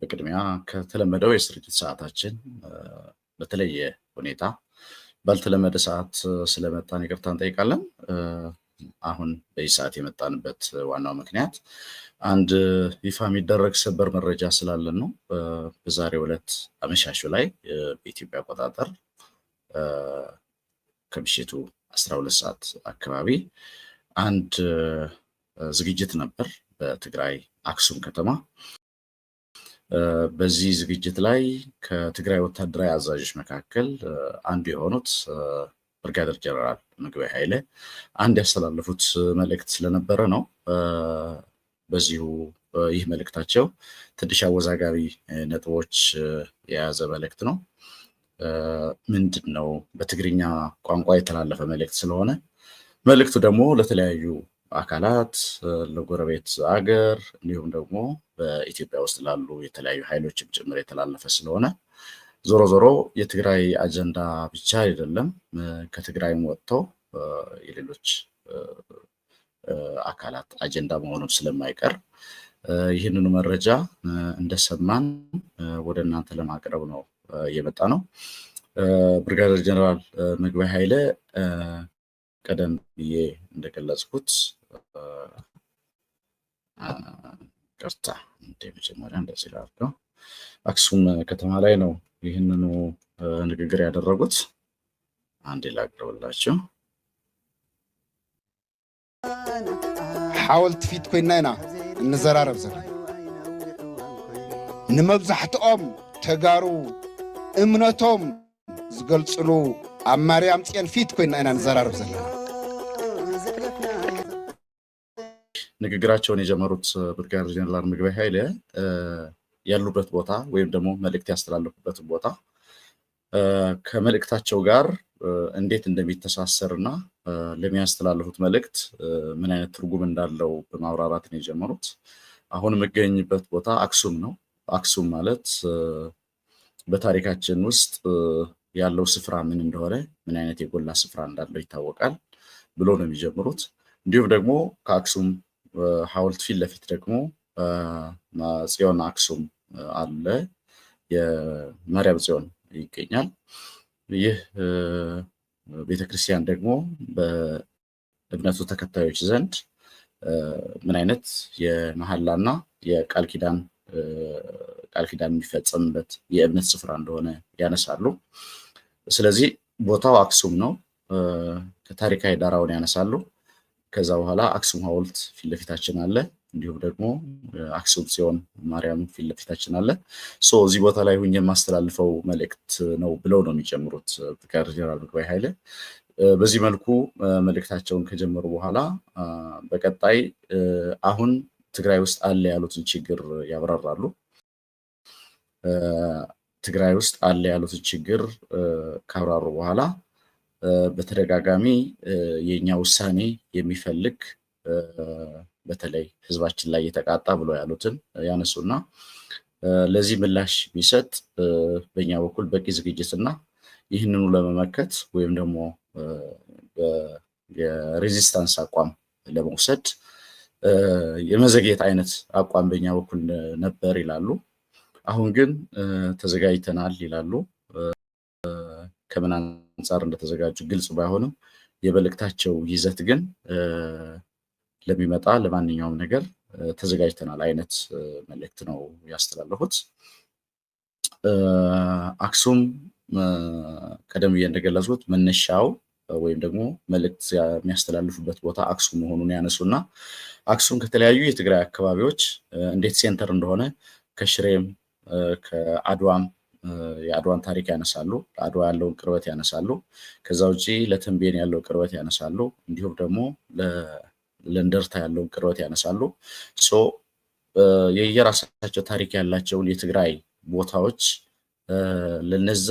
በቅድሚያ ከተለመደው የስርጭት ሰዓታችን በተለየ ሁኔታ ባልተለመደ ሰዓት ስለመጣን ይቅርታ እንጠይቃለን። አሁን በዚህ ሰዓት የመጣንበት ዋናው ምክንያት አንድ ይፋ የሚደረግ ሰበር መረጃ ስላለን ነው። በዛሬው ዕለት አመሻሹ ላይ በኢትዮጵያ አቆጣጠር ከምሽቱ 12 ሰዓት አካባቢ አንድ ዝግጅት ነበር በትግራይ አክሱም ከተማ በዚህ ዝግጅት ላይ ከትግራይ ወታደራዊ አዛዦች መካከል አንዱ የሆኑት ብርጋደር ጀነራል ምግበይ ኃይለ አንድ ያስተላለፉት መልእክት ስለነበረ ነው። በዚሁ ይህ መልእክታቸው ትንሽ አወዛጋቢ ነጥቦች የያዘ መልእክት ነው። ምንድን ነው በትግርኛ ቋንቋ የተላለፈ መልእክት ስለሆነ መልእክቱ ደግሞ ለተለያዩ አካላት ለጎረቤት አገር እንዲሁም ደግሞ በኢትዮጵያ ውስጥ ላሉ የተለያዩ ኃይሎችም ጭምር የተላለፈ ስለሆነ ዞሮ ዞሮ የትግራይ አጀንዳ ብቻ አይደለም። ከትግራይም ወጥተው የሌሎች አካላት አጀንዳ መሆኑን ስለማይቀር ይህንኑ መረጃ እንደሰማን ወደ እናንተ ለማቅረብ ነው የመጣ ነው። ብርጋደር ጀነራል ምግባይ ኃይለ ቀደም ብዬ እንደገለጽኩት ቀርታ እንደ መጀመሪያ እንደዚህ ላድርገው። አክሱም ከተማ ላይ ነው ይህንኑ ንግግር ያደረጉት። አንዴ ላቅርብላቸው። ሓወልቲ ፊት ኮይና ኢና እንዘራረብ ዘ ንመብዛሕትኦም ተጋሩ እምነቶም ዝገልፅሉ ኣብ ማርያም ፅዮን ፊት ኮይና ኢና ንዘራርብ ዘለና ንግግራቸውን የጀመሩት ብርጋዴር ጀነራል ምግበይ ኃይለ ያሉበት ቦታ ወይም ደግሞ መልእክት ያስተላለፉበትን ቦታ ከመልእክታቸው ጋር እንዴት እንደሚተሳሰር እና ለሚያስተላልፉት መልእክት ምን አይነት ትርጉም እንዳለው በማብራራት ነው የጀመሩት። አሁን የምገኝበት ቦታ አክሱም ነው። አክሱም ማለት በታሪካችን ውስጥ ያለው ስፍራ ምን እንደሆነ ምን አይነት የጎላ ስፍራ እንዳለው ይታወቃል ብሎ ነው የሚጀምሩት። እንዲሁም ደግሞ ከአክሱም ሀውልት ፊት ለፊት ደግሞ ጽዮን አክሱም አለ። የማርያም ጽዮን ይገኛል። ይህ ቤተክርስቲያን ደግሞ በእምነቱ ተከታዮች ዘንድ ምን አይነት የመሐላና የቃል ኪዳን ቃል ኪዳን የሚፈጸምበት የእምነት ስፍራ እንደሆነ ያነሳሉ። ስለዚህ ቦታው አክሱም ነው። ከታሪካዊ ዳራውን ያነሳሉ። ከዛ በኋላ አክሱም ሐውልት ፊት ለፊታችን አለ። እንዲሁም ደግሞ አክሱም ጽዮን ማርያም ፊት ለፊታችን አለ። ሶ እዚህ ቦታ ላይ ሁኝ የማስተላልፈው መልእክት ነው ብለው ነው የሚጨምሩት ፍቃድ ጀነራል ምግባይ ኃይለ። በዚህ መልኩ መልእክታቸውን ከጀመሩ በኋላ በቀጣይ አሁን ትግራይ ውስጥ አለ ያሉትን ችግር ያብራራሉ። ትግራይ ውስጥ አለ ያሉትን ችግር ካብራሩ በኋላ በተደጋጋሚ የእኛ ውሳኔ የሚፈልግ በተለይ ህዝባችን ላይ የተቃጣ ብሎ ያሉትን ያነሱና ለዚህ ምላሽ ቢሰጥ በእኛ በኩል በቂ ዝግጅትና ይህንኑ ለመመከት ወይም ደግሞ የሬዚስታንስ አቋም ለመውሰድ የመዘግየት አይነት አቋም በኛ በኩል ነበር ይላሉ። አሁን ግን ተዘጋጅተናል ይላሉ። ከምን አንጻር እንደተዘጋጁ ግልጽ ባይሆንም የመልእክታቸው ይዘት ግን ለሚመጣ ለማንኛውም ነገር ተዘጋጅተናል አይነት መልእክት ነው ያስተላለፉት። አክሱም ቀደም ብዬ እንደገለጽኩት መነሻው ወይም ደግሞ መልእክት የሚያስተላልፉበት ቦታ አክሱም መሆኑን ያነሱና አክሱም ከተለያዩ የትግራይ አካባቢዎች እንዴት ሴንተር እንደሆነ ከሽሬም ከአድዋም የአድዋን ታሪክ ያነሳሉ፣ ለአድዋ ያለውን ቅርበት ያነሳሉ። ከዛ ውጭ ለተንቤን ያለው ቅርበት ያነሳሉ፣ እንዲሁም ደግሞ ለእንደርታ ያለውን ቅርበት ያነሳሉ። የየራሳቸው ታሪክ ያላቸውን የትግራይ ቦታዎች ለነዛ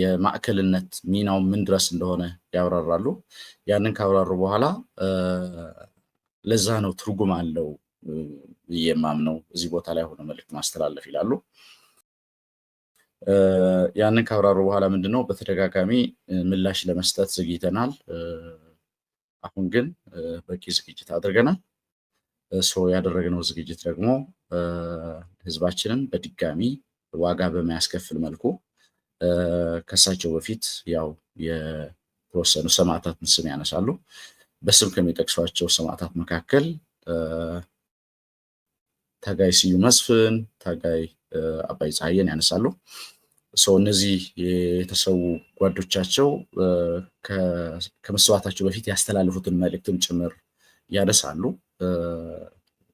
የማዕከልነት ሚናው ምን ድረስ እንደሆነ ያብራራሉ። ያንን ካብራሩ በኋላ ለዛ ነው ትርጉም አለው ብዬ የማምነው እዚህ ቦታ ላይ ሆነ መልዕክት ማስተላለፍ ይላሉ። ያንን ካብራሩ በኋላ ምንድነው በተደጋጋሚ ምላሽ ለመስጠት ዘግይተናል። አሁን ግን በቂ ዝግጅት አድርገናል። ሶ ያደረግነው ዝግጅት ደግሞ ህዝባችንን በድጋሚ ዋጋ በሚያስከፍል መልኩ ከሳቸው በፊት ያው የተወሰኑ ሰማዕታትን ስም ያነሳሉ። በስም ከሚጠቅሷቸው ሰማዕታት መካከል ታጋይ ስዩም መስፍን፣ ታጋይ አባይ ፀሐየን ያነሳሉ። እነዚህ የተሰዉ ጓዶቻቸው ከመሰዋታቸው በፊት ያስተላለፉትን መልእክትም ጭምር ያነሳሉ።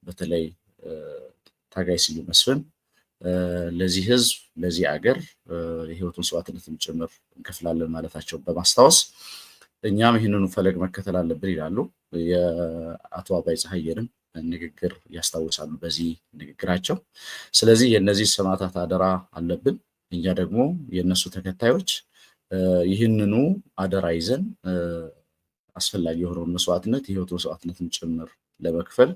በተለይ ታጋይ ስዩም መስፍን ለዚህ ህዝብ፣ ለዚህ አገር የህይወቱን መስዋዕትነትም ጭምር እንከፍላለን ማለታቸውን በማስታወስ እኛም ይህንኑ ፈለግ መከተል አለብን ይላሉ። የአቶ አባይ ፀሐየንም ንግግር ያስታውሳሉ በዚህ ንግግራቸው። ስለዚህ የእነዚህ ሰማዕታት አደራ አለብን። እኛ ደግሞ የእነሱ ተከታዮች ይህንኑ አደራ ይዘን አስፈላጊ የሆነውን መስዋዕትነት የህይወት መስዋዕትነትን ጭምር ለመክፈል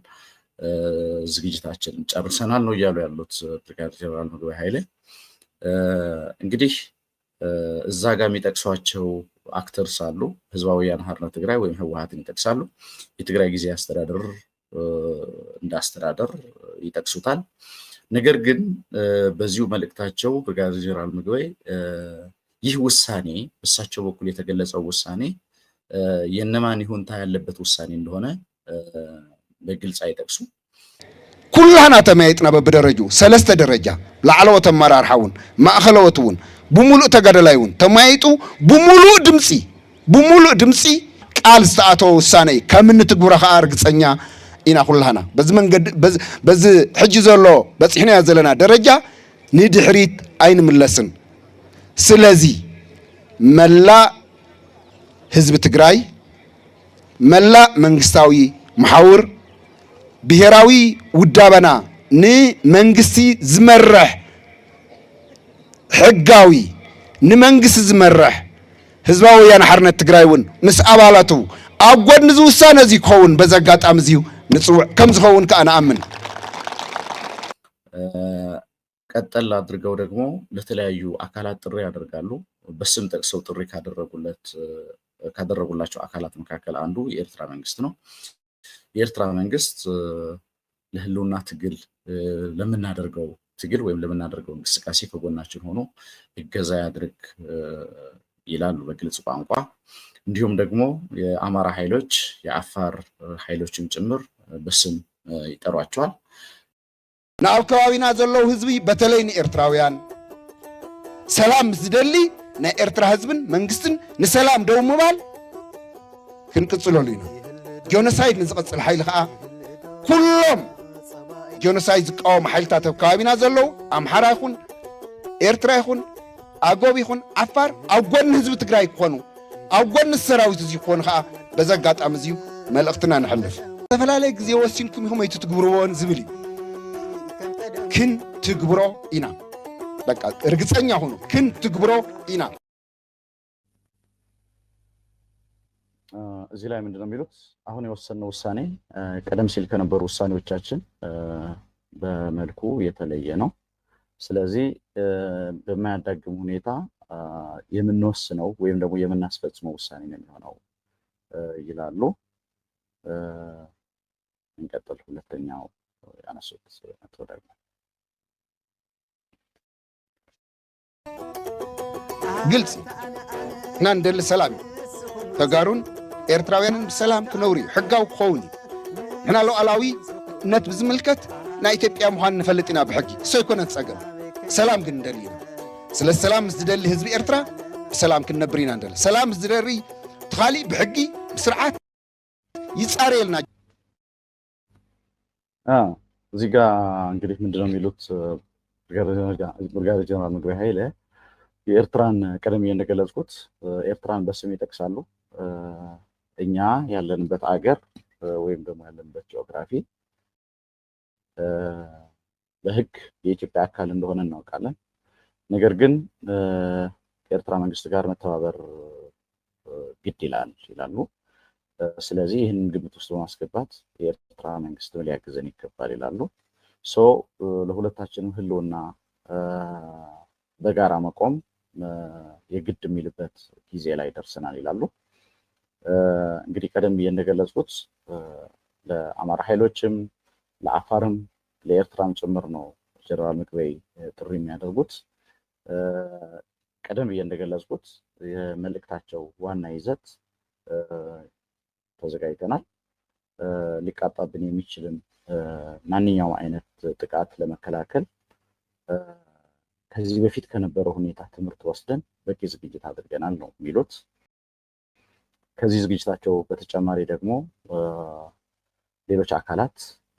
ዝግጅታችንን ጨርሰናል ነው እያሉ ያሉት ብርጋዴር ጀነራል ምግበይ ኃይሌ። እንግዲህ እዛ ጋር የሚጠቅሷቸው አክተርስ አሉ። ህዝባዊ ወያነ ሓርነት ትግራይ ወይም ህወሓትን ይጠቅሳሉ። የትግራይ ጊዜያዊ አስተዳደር እንዳስተዳደር ይጠቅሱታል። ነገር ግን በዚሁ መልእክታቸው ብርጋዴር ጄኔራል ምግበይ ይህ ውሳኔ በእሳቸው በኩል የተገለጸው ውሳኔ የእነማን ይሁንታ ያለበት ውሳኔ እንደሆነ በግልጽ አይጠቅሱ ኩላህና ተመያይጥና በብደረጁ ሰለስተ ደረጃ ላዕለወት ኣመራርሓ እውን ማእኸለወት እውን ብሙሉእ ተጋደላይ እውን ተመያይጡ ብሙሉእ ድምፂ ብሙሉእ ድምፂ ቃል ዝተኣተወ ውሳነ እዩ ከምንትግብሮ ከዓ እርግፀኛ ኢና ኩላና በዚ መንገዲ በዚ ሕጂ ዘሎ በፂሕናዮ ዘለና ደረጃ ንድሕሪት ኣይንምለስን ስለዚ መላእ ህዝቢ ትግራይ መላእ መንግስታዊ መሓውር ብሄራዊ ውዳበና ንመንግስቲ ዝመርሕ ሕጋዊ ንመንግስቲ ዝመርሕ ህዝባዊ ወያነ ሓርነት ትግራይ እውን ምስ ኣባላቱ ኣብ ጎድኒ ዝውሳነ እዚ ክኸውን በዚ ኣጋጣሚ እዚዩ ንፅውዕ ከም ዝኸውን ከዓ ንኣምን ቀጠል አድርገው ደግሞ ለተለያዩ አካላት ጥሪ ያደርጋሉ። በስም ጠቅሰው ጥሪ ካደረጉላቸው አካላት መካከል አንዱ የኤርትራ መንግስት ነው። የኤርትራ መንግስት ለህልውና ትግል ለምናደርገው ትግል ወይም ለምናደርገው እንቅስቃሴ ከጎናችን ሆኖ እገዛ ያድርግ ይላሉ በግልጽ ቋንቋ። እንዲሁም ደግሞ የአማራ ኃይሎች የአፋር ኃይሎችም ጭምር በስም ይጠሯቸዋል። ናብ ከባቢና ዘለው ህዝቢ በተለይ ንኤርትራውያን ሰላም ዝደሊ ናይ ኤርትራ ህዝብን መንግስትን ንሰላም ደው ምባል ክንቅፅለሉ ኢና ጆኖሳይድ ንዝቅፅል ሓይሊ ከዓ ኩሎም ጆኖሳይድ ዝቃወሙ ሓይልታት ኣብ ከባቢና ዘለው ኣምሓራ ይኹን ኤርትራ ይኹን ኣጎብ ይኹን ዓፋር ኣብ ጎኒ ህዝቢ ትግራይ ክኾኑ ኣብ ጎኒ ሰራዊት እዙ ክኾኑ ከዓ በዚ ኣጋጣሚ እዚዩ መልእኽትና ንሕልፍ ዝተፈላለየ ግዜ ወሲንኩም ወይ ኣይትትግብርዎን ዝብል እዩ ክን ትግብሮ ኢና በቃ እርግፀኛ ሁኑ ክን ትግብሮ ኢና እዚህ ላይ ምንድነው የሚሉት አሁን የወሰንነው ውሳኔ ቀደም ሲል ከነበሩ ውሳኔዎቻችን በመልኩ የተለየ ነው ስለዚህ በማያዳግም ሁኔታ የምንወስነው ወይም ደግሞ የምናስፈጽመው ውሳኔ ነው የሚሆነው ይላሉ እንቀጥል። ሁለተኛው ያነሱት ነጥብ ደግሞ ግልጽ እና እንደል ሰላም ተጋሩን ኤርትራውያንን ብሰላም ክነብሩ እዩ ሕጋዊ ክኸውን እዩ ንሕና ሉዓላዊነት ብዝምልከት ናይ ኢትዮጵያ ምዃን ንፈልጥ ኢና ብሕጊ እሶ ይኮነን ፀገም ሰላም ግን ንደሊ ኢና ስለ ሰላም ምስ ዝደሊ ህዝቢ ኤርትራ ብሰላም ክንነብር ኢና እንደለ ሰላም ምስ ዝደሪ ትኻሊእ ብሕጊ ብስርዓት ይፃረየልና እዚህ ጋር እንግዲህ ምንድነው ነው የሚሉት ብርጋዴር ጀነራል ምግበይ ኃይለ የኤርትራን ቀደም እንደገለጽኩት ኤርትራን በስም ይጠቅሳሉ። እኛ ያለንበት አገር ወይም ደግሞ ያለንበት ጂኦግራፊ በህግ የኢትዮጵያ አካል እንደሆነ እናውቃለን። ነገር ግን ከኤርትራ መንግስት ጋር መተባበር ግድ ይላል ይላሉ። ስለዚህ ይህንን ግምት ውስጥ በማስገባት የኤርትራ መንግስት ሊያግዘን ይገባል ይላሉ። ሶ ለሁለታችንም ህልውና በጋራ መቆም የግድ የሚልበት ጊዜ ላይ ደርሰናል ይላሉ። እንግዲህ ቀደም ብዬ እንደገለጽኩት ለአማራ ኃይሎችም ለአፋርም ለኤርትራም ጭምር ነው ጀነራል ምግበይ ጥሪ የሚያደርጉት። ቀደም ብዬ እንደገለጽኩት የመልእክታቸው ዋና ይዘት ተዘጋጅተናል። ሊቃጣብን የሚችልን ማንኛውም አይነት ጥቃት ለመከላከል ከዚህ በፊት ከነበረው ሁኔታ ትምህርት ወስደን በቂ ዝግጅት አድርገናል ነው የሚሉት። ከዚህ ዝግጅታቸው በተጨማሪ ደግሞ ሌሎች አካላት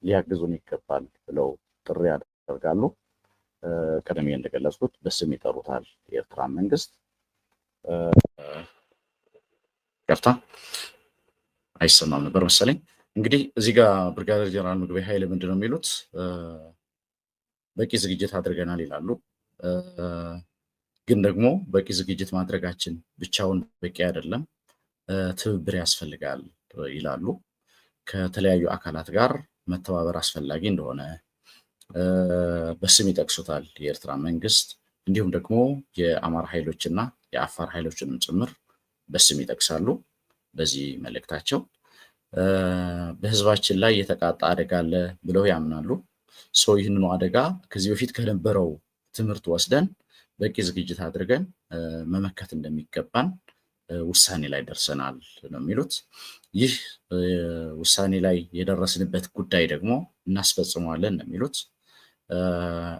ሊያግዙን ይገባል ብለው ጥሪ ያደርጋሉ። ቀደም እንደገለጽኩት በስም ይጠሩታል የኤርትራ መንግስት። ይቅርታ አይሰማም ነበር መሰለኝ። እንግዲህ እዚህ ጋር ብርጋዴር ጀነራል ምግበይ ኃይለ ምንድን ነው የሚሉት? በቂ ዝግጅት አድርገናል ይላሉ። ግን ደግሞ በቂ ዝግጅት ማድረጋችን ብቻውን በቂ አይደለም፣ ትብብር ያስፈልጋል ይላሉ። ከተለያዩ አካላት ጋር መተባበር አስፈላጊ እንደሆነ በስም ይጠቅሱታል። የኤርትራ መንግስት እንዲሁም ደግሞ የአማራ ኃይሎችና የአፋር ኃይሎችንም ጭምር በስም ይጠቅሳሉ። በዚህ መልእክታቸው በህዝባችን ላይ የተቃጣ አደጋ አለ ብለው ያምናሉ። ሰው ይህንኑ አደጋ ከዚህ በፊት ከነበረው ትምህርት ወስደን በቂ ዝግጅት አድርገን መመከት እንደሚገባን ውሳኔ ላይ ደርሰናል ነው የሚሉት። ይህ ውሳኔ ላይ የደረስንበት ጉዳይ ደግሞ እናስፈጽመዋለን ነው የሚሉት።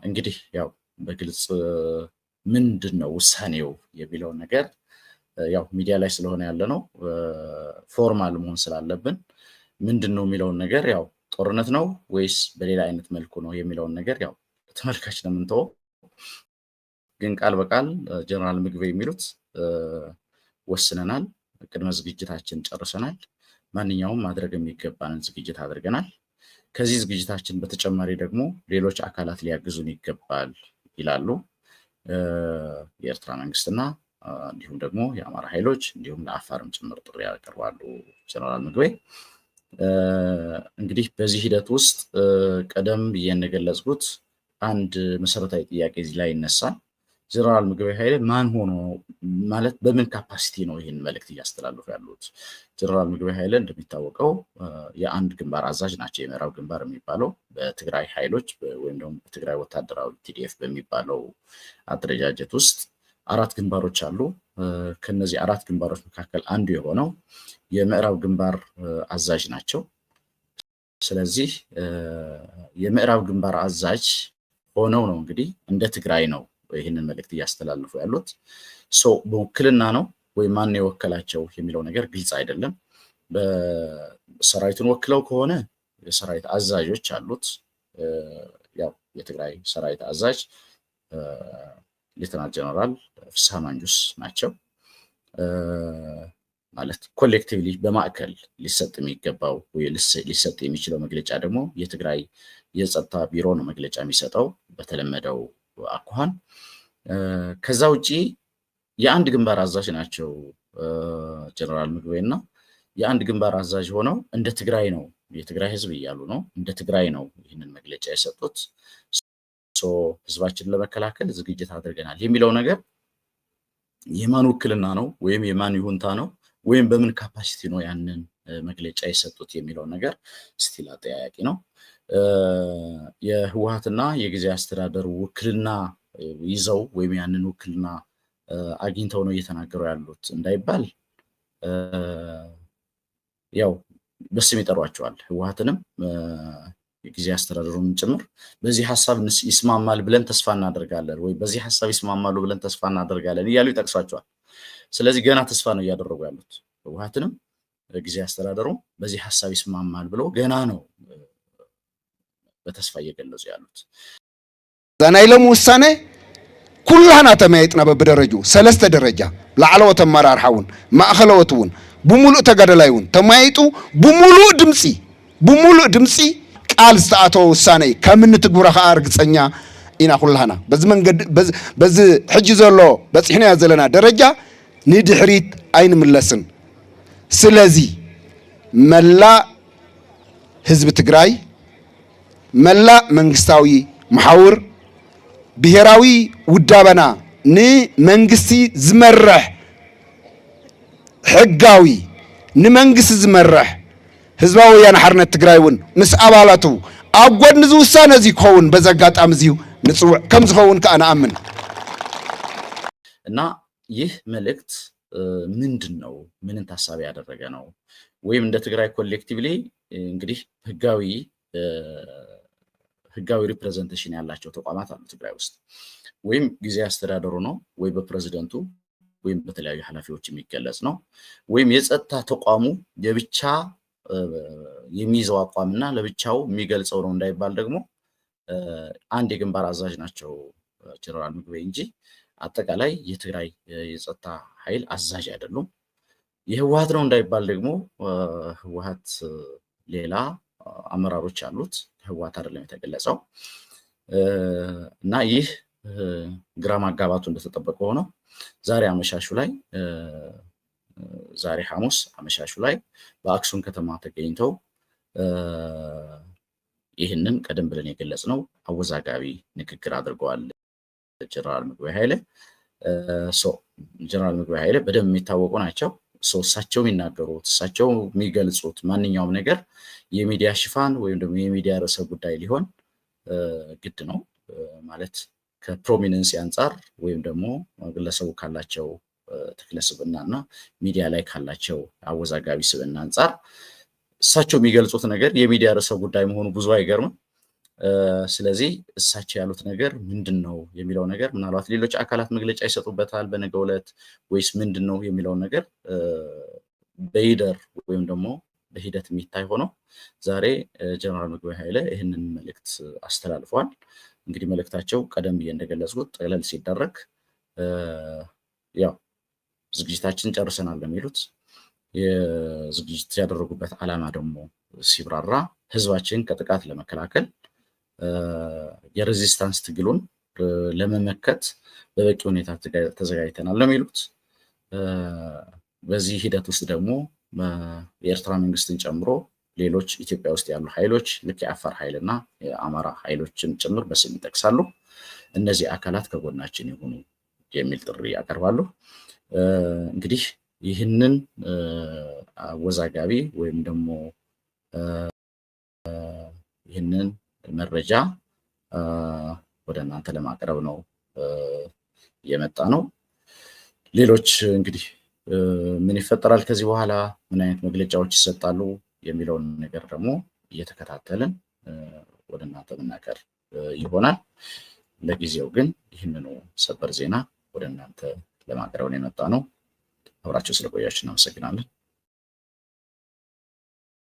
እንግዲህ ያው በግልጽ ምንድን ነው ውሳኔው የሚለው ነገር ያው ሚዲያ ላይ ስለሆነ ያለ ነው ፎርማል መሆን ስላለብን ምንድን ነው የሚለውን ነገር ያው ጦርነት ነው ወይስ በሌላ አይነት መልኩ ነው የሚለውን ነገር ያው ተመልካች ነው ግን ቃል በቃል ጀነራል ምግብ የሚሉት ወስነናል። ቅድመ ዝግጅታችን ጨርሰናል። ማንኛውም ማድረግ የሚገባንን ዝግጅት አድርገናል። ከዚህ ዝግጅታችን በተጨማሪ ደግሞ ሌሎች አካላት ሊያግዙን ይገባል ይላሉ የኤርትራ መንግስትና እንዲሁም ደግሞ የአማራ ኃይሎች እንዲሁም ለአፋርም ጭምር ጥሪ ያቀርባሉ። ጀነራል ምግቤ እንግዲህ በዚህ ሂደት ውስጥ ቀደም ብዬ እንደገለጽኩት አንድ መሰረታዊ ጥያቄ እዚህ ላይ ይነሳል። ጀነራል ምግቤ ኃይሌ ማን ሆኖ ማለት በምን ካፓሲቲ ነው ይህን መልእክት እያስተላለፉ ያሉት? ጀነራል ምግቤ ኃይሌ እንደሚታወቀው የአንድ ግንባር አዛዥ ናቸው። የምዕራብ ግንባር የሚባለው በትግራይ ኃይሎች ወይም ደግሞ በትግራይ ወታደራዊ ቲዲኤፍ በሚባለው አደረጃጀት ውስጥ አራት ግንባሮች አሉ። ከነዚህ አራት ግንባሮች መካከል አንዱ የሆነው የምዕራብ ግንባር አዛዥ ናቸው። ስለዚህ የምዕራብ ግንባር አዛዥ ሆነው ነው እንግዲህ እንደ ትግራይ ነው ይህንን መልእክት እያስተላልፉ ያሉት። በውክልና ነው ወይም ማን የወከላቸው የሚለው ነገር ግልጽ አይደለም። በሰራዊቱን ወክለው ከሆነ የሰራዊት አዛዦች አሉት። ያው የትግራይ ሰራዊት አዛዥ ሌተናል ጀነራል ፍስሐ ማንጁስ ናቸው። ማለት ኮሌክቲቭሊ በማዕከል ሊሰጥ የሚገባው ሊሰጥ የሚችለው መግለጫ ደግሞ የትግራይ የጸጥታ ቢሮ ነው መግለጫ የሚሰጠው በተለመደው አኳኋን። ከዛ ውጪ የአንድ ግንባር አዛዥ ናቸው ጀነራል ምግቤ እና የአንድ ግንባር አዛዥ ሆነው እንደ ትግራይ ነው የትግራይ ህዝብ እያሉ ነው እንደ ትግራይ ነው ይህንን መግለጫ የሰጡት። ህዝባችን ለመከላከል ዝግጅት አድርገናል የሚለው ነገር የማን ውክልና ነው ወይም የማን ይሁንታ ነው ወይም በምን ካፓሲቲ ነው ያንን መግለጫ የሰጡት የሚለው ነገር ስቲል አጠያያቂ ነው። የህወሀትና የጊዜ አስተዳደሩ ውክልና ይዘው ወይም ያንን ውክልና አግኝተው ነው እየተናገሩ ያሉት እንዳይባል ያው በስም ይጠሯቸዋል። ህወሀትንም የጊዜ አስተዳደሩም ጭምር በዚህ ሀሳብ ይስማማል ብለን ተስፋ እናደርጋለን ወይ በዚህ ሀሳብ ይስማማሉ ብለን ተስፋ እናደርጋለን እያሉ ይጠቅሷቸዋል። ስለዚህ ገና ተስፋ ነው እያደረጉ ያሉት። ህወሓትንም ጊዜ አስተዳደሩ በዚህ ሀሳብ ይስማማል ብሎ ገና ነው በተስፋ እየገለጹ ያሉት ናይሎም ውሳኔ ኩላህና ተመያይጥና በብደረጁ ሰለስተ ደረጃ ላዕለወት ኣመራርሓ እውን ማእኸለወት እውን ብሙሉእ ተጋደላይ እውን ተመያይጡ ብሙሉእ ድምፂ ብሙሉእ ድምፂ ቃል ዝተኣተወ ውሳነ እዩ ከም ንትግብሮ ከዓ እርግፀኛ ኢና ኩላህና በዚ መንገዲ በዚ ሕጂ ዘሎ በፂሕናዮ ዘለና ደረጃ ንድሕሪት ኣይንምለስን ስለዚ መላእ ህዝቢ ትግራይ መላእ መንግስታዊ መሓውር ብሄራዊ ውዳበና ንመንግስቲ ዝመርሕ ሕጋዊ ንመንግስቲ ዝመርሕ ህዝባዊ ወያነ ሓርነት ትግራይ እውን ምስ ኣባላቱ ኣብ ጎድኒ እዚ ውሳነ እዚ ክኸውን በዚ ኣጋጣሚ እዚዩ ንፅውዕ ከም ዝኸውን ከዓ ንኣምን እና ይህ መልእክት ምንድን ነው? ምንን ታሳቢ ያደረገ ነው? ወይም እንደ ትግራይ ኮሌክቲቭሊ እንግዲህ ህጋዊ ህጋዊ ሪፕሬዘንቴሽን ያላቸው ተቋማት አሉ ትግራይ ውስጥ ወይም ጊዜ አስተዳደሩ ነው ወይ በፕሬዚደንቱ ወይም በተለያዩ ኃላፊዎች የሚገለጽ ነው ወይም የጸጥታ ተቋሙ የብቻ የሚይዘው አቋም እና ለብቻው የሚገልጸው ነው እንዳይባል ደግሞ አንድ የግንባር አዛዥ ናቸው ጀነራል ምግቤ እንጂ አጠቃላይ የትግራይ የጸጥታ ኃይል አዛዥ አይደሉም። የህወሀት ነው እንዳይባል ደግሞ ህወሀት ሌላ አመራሮች አሉት። ህወሀት አይደለም የተገለጸው እና ይህ ግራ ማጋባቱ እንደተጠበቀ ሆነው ዛሬ አመሻሹ ላይ ዛሬ ሐሙስ አመሻሹ ላይ በአክሱም ከተማ ተገኝተው ይህንን ቀደም ብለን የገለጽ ነው። አወዛጋቢ ንግግር አድርገዋል። ጀነራል ምግበይ ኃይለ ጀነራል ምግበይ ኃይለ በደንብ የሚታወቁ ናቸው። እሳቸው የሚናገሩት እሳቸው የሚገልጹት ማንኛውም ነገር የሚዲያ ሽፋን ወይም ደግሞ የሚዲያ ርዕሰ ጉዳይ ሊሆን ግድ ነው ማለት ከፕሮሚነንስ አንጻር ወይም ደግሞ ግለሰቡ ካላቸው ተክለ ስብና እና ሚዲያ ላይ ካላቸው አወዛጋቢ ስብና አንጻር እሳቸው የሚገልጹት ነገር የሚዲያ ርዕሰ ጉዳይ መሆኑ ብዙ አይገርምም። ስለዚህ እሳቸው ያሉት ነገር ምንድን ነው የሚለው ነገር ምናልባት ሌሎች አካላት መግለጫ ይሰጡበታል በነገው ዕለት ወይስ ምንድን ነው የሚለው ነገር በሂደር ወይም ደግሞ በሂደት የሚታይ ሆኖ ዛሬ ጀነራል ምግበይ ኃይለ ይህንን መልእክት አስተላልፈዋል። እንግዲህ መልእክታቸው ቀደም ብዬ እንደገለጽኩት ጠቅለል ሲደረግ ያው ዝግጅታችን ጨርሰናል ለሚሉት የዝግጅት ያደረጉበት ዓላማ ደግሞ ሲብራራ ህዝባችን ከጥቃት ለመከላከል የሬዚስታንስ ትግሉን ለመመከት በበቂ ሁኔታ ተዘጋጅተናል ለሚሉት በዚህ ሂደት ውስጥ ደግሞ የኤርትራ መንግስትን ጨምሮ ሌሎች ኢትዮጵያ ውስጥ ያሉ ኃይሎች ልክ የአፋር ኃይልና የአማራ ኃይሎችን ጭምር በስም ይጠቅሳሉ። እነዚህ አካላት ከጎናችን የሆኑ የሚል ጥሪ ያቀርባሉ። እንግዲህ ይህንን አወዛጋቢ ወይም ደግሞ ይህንን መረጃ ወደ እናንተ ለማቅረብ ነው የመጣ ነው። ሌሎች እንግዲህ ምን ይፈጠራል ከዚህ በኋላ ምን አይነት መግለጫዎች ይሰጣሉ የሚለውን ነገር ደግሞ እየተከታተልን ወደ እናንተ ምናቀር ይሆናል። ለጊዜው ግን ይህንኑ ሰበር ዜና ወደ እናንተ ለማቅረብ ነው የመጣ ነው። አብራችሁ ስለቆያችሁ እናመሰግናለን።